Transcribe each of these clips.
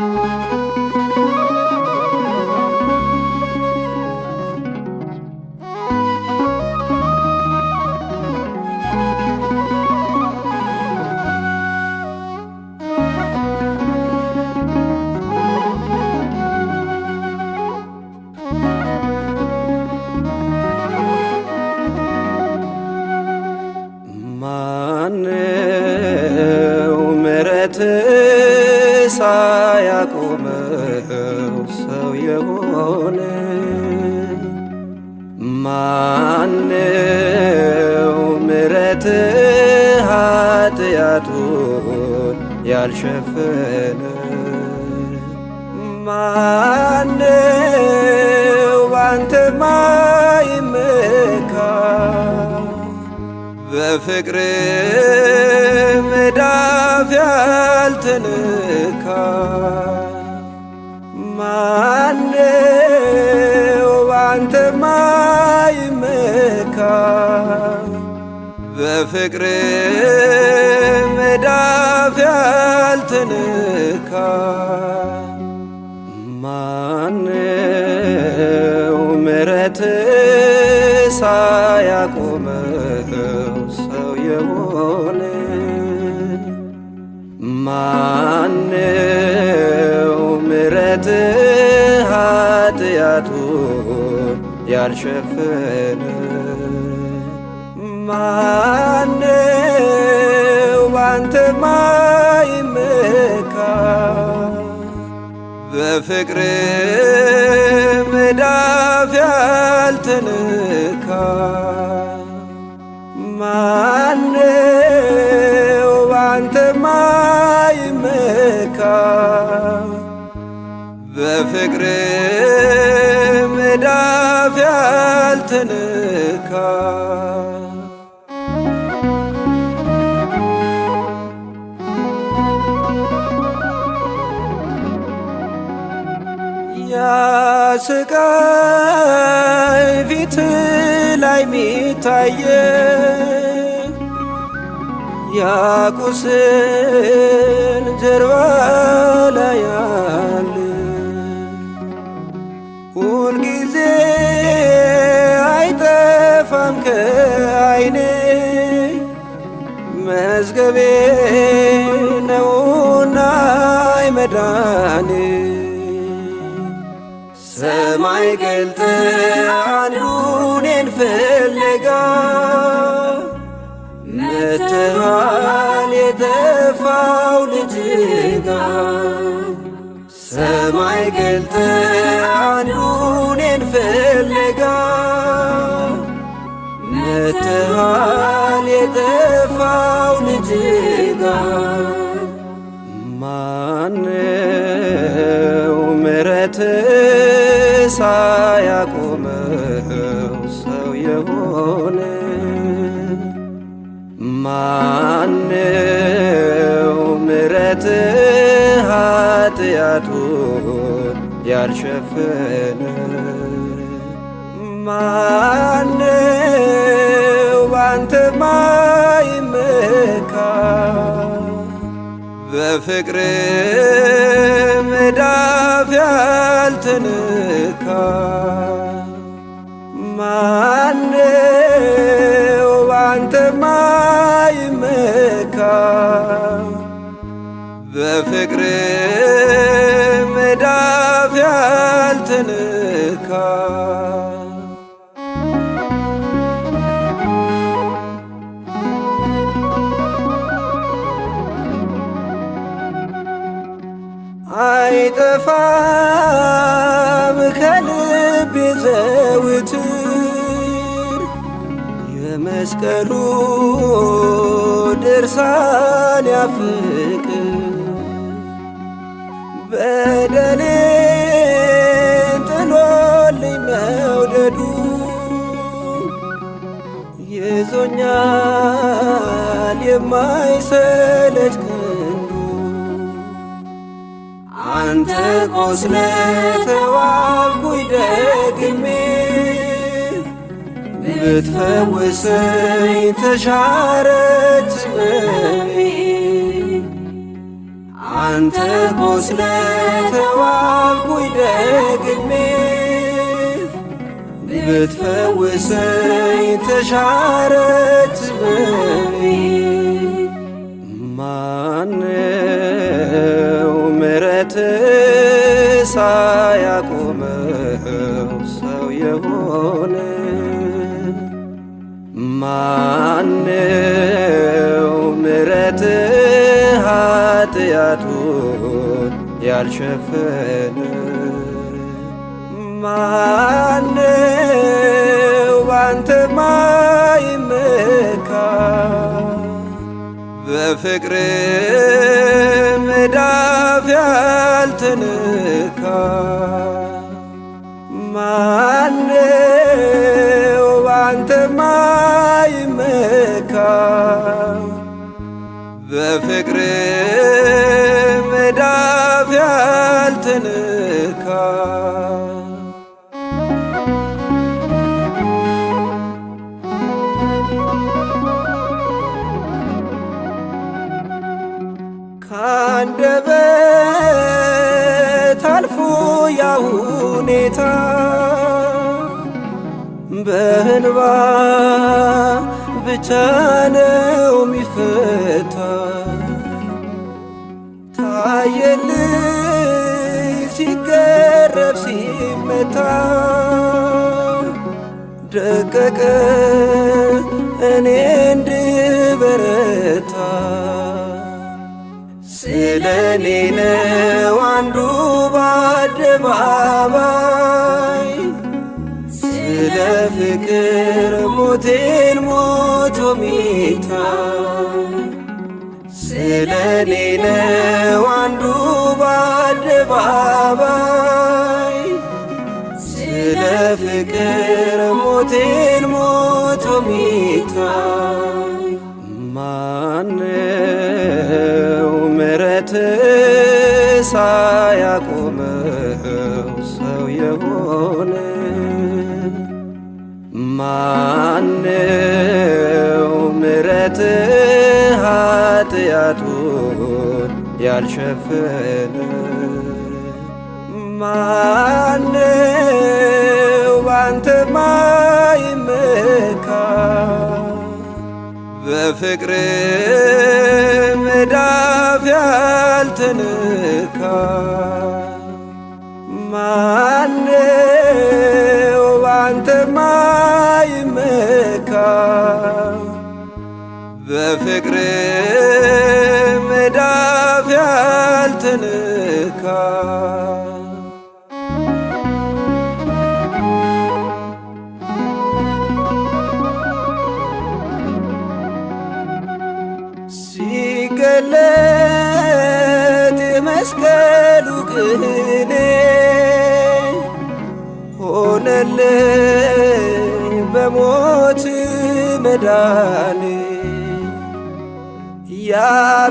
Thank you. እውነት ኃጢአቱን ያልሸፈነ ማነው ባንተ ማይመካ በፍቅር መዳፍ ያልተነካ በፍቅር መዳፍ ያልተነካ ማነው ምረት ሳያቆመው ሰው የሆነ ማነው ምረት ኃጢአቱን ያልሸፈነ ማ በፍቅር መዳፍ ያልተነካ ማነው ባንተ ማይመካ በፍቅር መዳፍ ያልተነካ የስቃይ ፊት ላይ ሚታየ ያቁስል ጀርባ ላይ ያለ ሁልጊዜ አይጠፋም ከአይኔ መዝገቤ ነውና ይመዳኔ የማይገልጥ አንዱን ፍለጋ መተሃል የጠፋው ልጅ ጋ ሰማይ ገልጥ አንዱን ፍለጋ መተሃል የጠፋው ልጅ ጋ ሳያቆመው ሰው የሆነ ማነው? ምረት ኃጢአቱን ያልሸፈነ ማነው? ባንተ ማይመካ በፍቅር መዳፍ ያልተነ ማነው ባንተ ማይመካ በፍቅር መዳፍ ያልተነካ አይጠፋ ዘውትር የመስቀሉ ድርሳን ያፍቅር በደሌን ጥሎልኝ መውደዱ ይዞኛል ስለተዋልኩኝ ደግሜ ብትፈውሰኝ ተሻረት ሕመሜ አንተ እኮ ስለተዋልኩኝ ደግሜ ብትፈውሰኝ ተሻረት ሕመሜ የሸፈነ ማነው ባንተ ማይመካ በፍቅር መዳፍ ያልተነካ ማነው ባንተ ማይመካ በፍቅር አትንካ። ካንደበት አልፎ ያ ሁኔታ በእንባ ብቻ ነው የሚፈታ ታየ ነፍስ ይመታ ደቀቀ እኔ እንድበረታ ስለ እኔ ነው አንዱ በአደባባይ ስለ ፍቅር ሞቴን ሞቶ ሚታ ስለ ነው አንዱ በአደባባይ በፍቅር ሞቴን ሞቶ ሚታይ ማነው ምረት ሳያቆመው ሰው የሆነ ማነው ምረት ኃጢአቱን ያልሸፈነ ማነ ፍቅር መዳፍ ያልተነካ ማነው ባንተ ማይመካ በፍቅር መዳፍ ያልተነካ ሲገለጥ የመስቀሉ ቅኔ ሆነልኝ በሞት መዳኔ ያ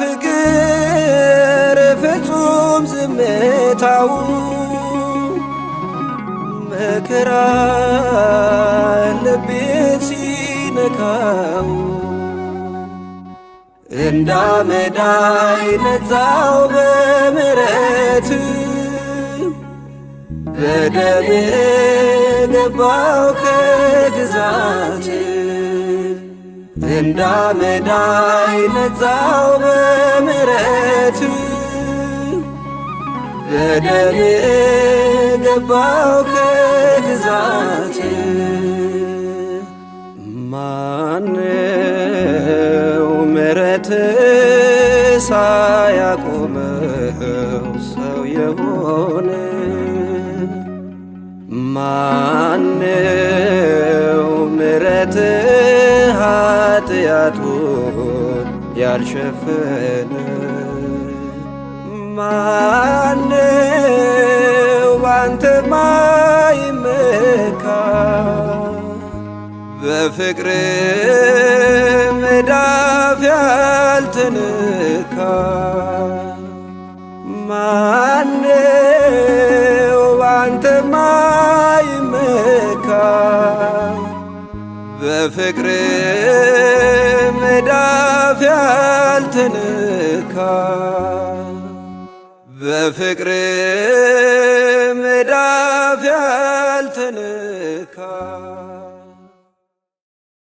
ፍቅር ፍጹም ዝምታው መከራ ልቤን ሲነካው እንዳመዳይ ነፃው በምሕረት በደም ገባው ከግዛት እንዳመዳይ ነፃው በምሕረት በደም ገባው ከግዛት ያልሸፈነ ማነው ባንተ ማይመካ በፍቅር መዳፍ ያልተነካ ማነው ባንተ ማይመካ በፍቅር ያልተነካ በፍቅር መዳፍ ያልተነካ